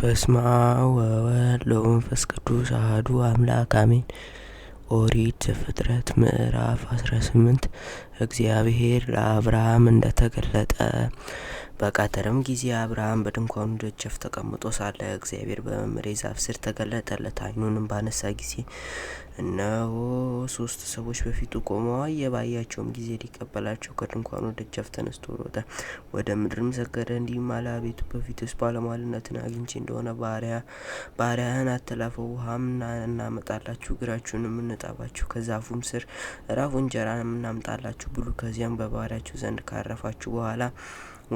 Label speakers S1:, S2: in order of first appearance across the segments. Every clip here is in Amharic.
S1: በስመ አብ ወወልድ ወመንፈስ ቅዱስ አህዱ አምላክ አሜን። ኦሪት ዘፍጥረት ምዕራፍ አስራ ስምንት እግዚአብሔር ለአብርሃም እንደተገለጠ በቀትርም ጊዜ አብርሃም በድንኳኑ ደጀፍ ተቀምጦ ሳለ እግዚአብሔር በመምሬ ዛፍ ስር ተገለጠለት። አይኑንም ባነሳ ጊዜ እነሆ ሶስት ሰዎች በፊቱ ቆመው አየ። ባያቸውም ጊዜ ሊቀበላቸው ከድንኳኑ ደጃፍ ተነስቶ ሮጠ፣ ወደ ምድርም ሰገደ፣ እንዲህም አለ፦ አቤቱ ውስጥ ባለሟልነትን አግኝቼ እንደሆነ ባሪያህን አተላፈው፣ ውሃም እናመጣላችሁ፣ እግራችሁንም እንጣባችሁ፣ ከዛፉም ስር ራፍ እንጀራንም እናምጣላችሁ ብሉ። ከዚያም በባሪያችሁ ዘንድ ካረፋችሁ በኋላ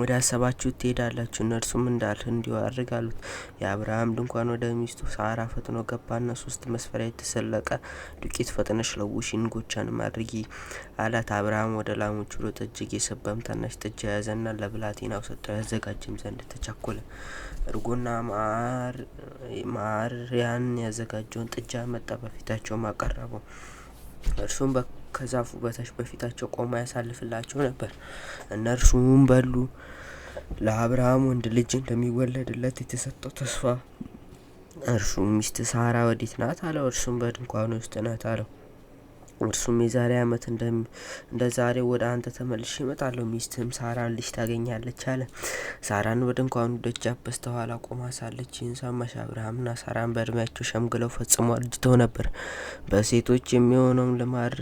S1: ወደ አሰባችሁ ትሄዳላችሁ። እነርሱም እንዳልህ እንዲሁ አድርግ አሉት። የአብርሃም ድንኳን ወደ ሚስቱ ሳራ ፈጥኖ ገባና ሶስት መስፈሪያ የተሰለቀ ዱቄት ፈጥነሽ ለውሽ እንጎቻንም አድርጊ አላት። አብርሃም ወደ ላሞች ሮጠ፣ ጠጅግ የሰበም ታናሽ ጥጃ ያዘና ለብላቴናው ሰጠው። ያዘጋጅም ዘንድ ተቻኮለ። እርጎና ማርያን ያዘጋጀውን ጥጃ መጣ፣ በፊታቸውም አቀረበው። እርሱም ከዛፉ በታች በፊታቸው ቆማ ያሳልፍላቸው ነበር። እነርሱም በሉ። ለአብርሃም ወንድ ልጅ እንደሚወለድለት የተሰጠው ተስፋ እርሱ ሚስት ሳራ ወዴት ናት አለው። እርሱም በድንኳኑ ውስጥ ናት አለው። እርሱም የዛሬ ዓመት እንደ ዛሬ ወደ አንተ ተመልሼ እመጣለሁ፣ ሚስትህም ሳራ ልጅ ታገኛለች አለ። ሳራን በድንኳኑ ደጃፍ በስተኋላ ቆማ ሳለች ይህን ሰማች። አብርሃምና ሳራን በእድሜያቸው ሸምግለው ፈጽሞ አርጅተው ነበር። በሴቶች የሚሆነውም ልማድ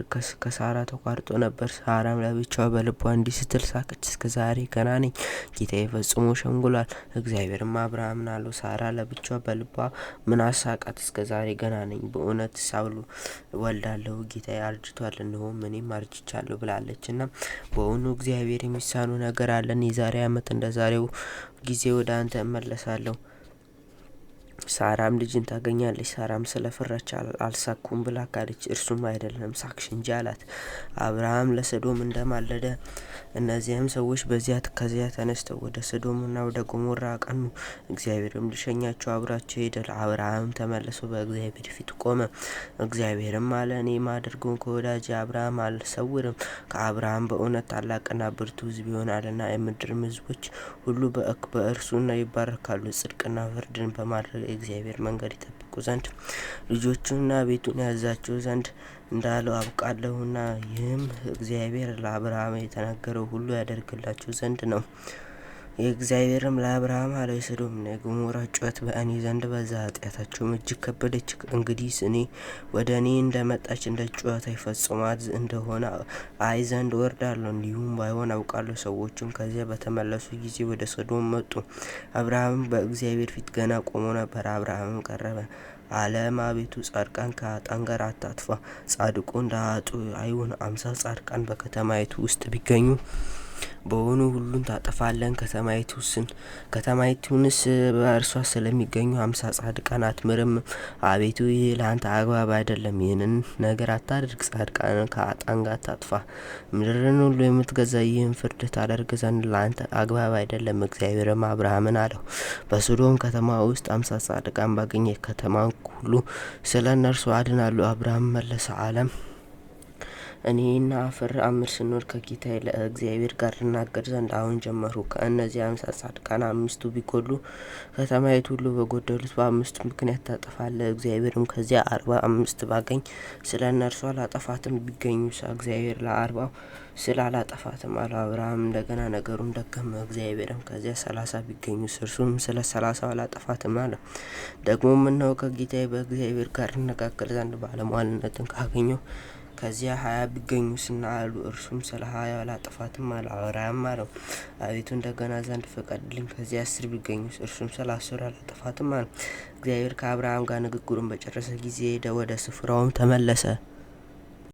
S1: ከሳራ ተቋርጦ ነበር። ሳራም ለብቻዋ በልቧ እንዲህ ስትል ሳቀች፣ እስከ ዛሬ ገና ነኝ፣ ጌታዬ ፈጽሞ ሸምግሏል። እግዚአብሔርም አብርሃምን አለው፣ ሳራ ለብቻዋ በልቧ ምን አሳቃት? እስከ ዛሬ ገና ነኝ፣ በእውነት ሳብሎ ወልዳለሁ ጌታዬ አርጅቷል፣ እነሆም እኔም አርጅቻለሁ ብላለች እና በእውኑ እግዚአብሔር የሚሳኑ ነገር አለን? የዛሬ ዓመት እንደ ዛሬው ጊዜ ወደ አንተ እመለሳለሁ። ሳራም ልጅን ታገኛለች። ሳራም ስለፈራች አልሳኩም ብላ ካለች፣ እርሱም አይደለም ሳክሽ እንጂ አላት። አብርሃም ለሰዶም እንደማለደ እነዚያም ሰዎች በዚያ ከዚያ ተነስተው ወደ ሰዶምና ወደ ጎሞራ አቀኑ። እግዚአብሔርም ልሸኛቸው አብራቸው ሄደል። አብርሃም ተመልሶ በእግዚአብሔር ፊት ቆመ። እግዚአብሔርም አለ፣ እኔ ማደርገውን ከወዳጅ አብርሃም አልሰውርም። ከአብርሃም በእውነት ታላቅና ብርቱ ሕዝብ ይሆናልና የምድርም ሕዝቦች ሁሉ በእርሱና ይባረካሉ። ጽድቅና ፍርድን በማድረግ በእግዚአብሔር መንገድ ይጠብቁ ዘንድ ልጆቹንና ቤቱን ያዛቸው ዘንድ እንዳለው አብቃለሁና ይህም እግዚአብሔር ለአብርሃም የተናገረው ሁሉ ያደርግላችሁ ዘንድ ነው። የእግዚአብሔርም ለአብርሃም አለ የሰዶምና የገሞራ ጩኸት በእኔ ዘንድ በዛ፣ ኃጢአታቸውም እጅግ ከበደች። እንግዲህ እኔ ወደ እኔ እንደመጣች እንደ ጩኸት ይፈጽማት እንደሆነ አይ ዘንድ ወርዳለሁ፣ እንዲሁም ባይሆን አውቃለሁ። ሰዎችም ከዚያ በተመለሱ ጊዜ ወደ ሰዶም መጡ። አብርሃምም በእግዚአብሔር ፊት ገና ቆሞ ነበር። አብርሃምም ቀረበ አለም አቤቱ ጻድቃን ከአጣን ጋር አታጥፋ፣ ጻድቁ እንደ አይሁን። አምሳ ጻድቃን በከተማይቱ ውስጥ ቢገኙ በሆኑ ሁሉን ታጠፋለን? ከተማይቱስን ከተማይቱንስ በእርሷ ስለሚገኙ አምሳ ጻድቃን አትምርም? አቤቱ ይህ ለአንተ አግባብ አይደለም። ይህንን ነገር አታድርግ። ጻድቃን ከአጣን ጋር ታጥፋ። ምድርን ሁሉ የምትገዛ ይህን ፍርድ ታደርግ ዘንድ ለአንተ አግባብ አይደለም። እግዚአብሔርም አብርሃምን አለው፣ በሶዶም ከተማ ውስጥ አምሳ ጻድቃን ባገኘ ከተማ ሁሉ ስለ እነርሱ አድናሉ። አብርሃም መለሰ አለም እኔና አፈር አምር ስኖር ከጌታ ለእግዚአብሔር ጋር እናገር ዘንድ አሁን ጀመሩ። ከእነዚህ አምሳ ጻድቃን አምስቱ ቢጎሉ ከተማይቱ ሁሉ በጎደሉት በአምስቱ ምክንያት ታጠፋለ። እግዚአብሔርም ከዚያ አርባ አምስት ባገኝ ስለ እነርሱ አላጠፋትም። ቢገኙ እግዚአብሔር ለአርባው አላጠፋትም አለ። አብርሃም እንደገና ነገሩን ደገመ። እግዚአብሔርም ከዚያ ሰላሳ ቢገኙ እርሱም ስለ ሰላሳው አላጠፋትም አለ። ደግሞ ምነው ከጌታዬ በእግዚአብሔር ጋር እነጋገር ዘንድ ባለሟልነትን ካገኘው ከዚያ ሀያ ቢገኙስና አሉ። እርሱም ስለ ሀያ አላጠፋትም አላወራም አለው። አቤቱ እንደገና ዘንድ ፍቀድልኝ። ከዚያ አስር ቢገኙ እርሱም ስለ አስር አላጠፋትም አለው። እግዚአብሔር ከአብርሃም ጋር ንግግሩን በጨረሰ ጊዜ ሄደ፣ ወደ ስፍራውም ተመለሰ።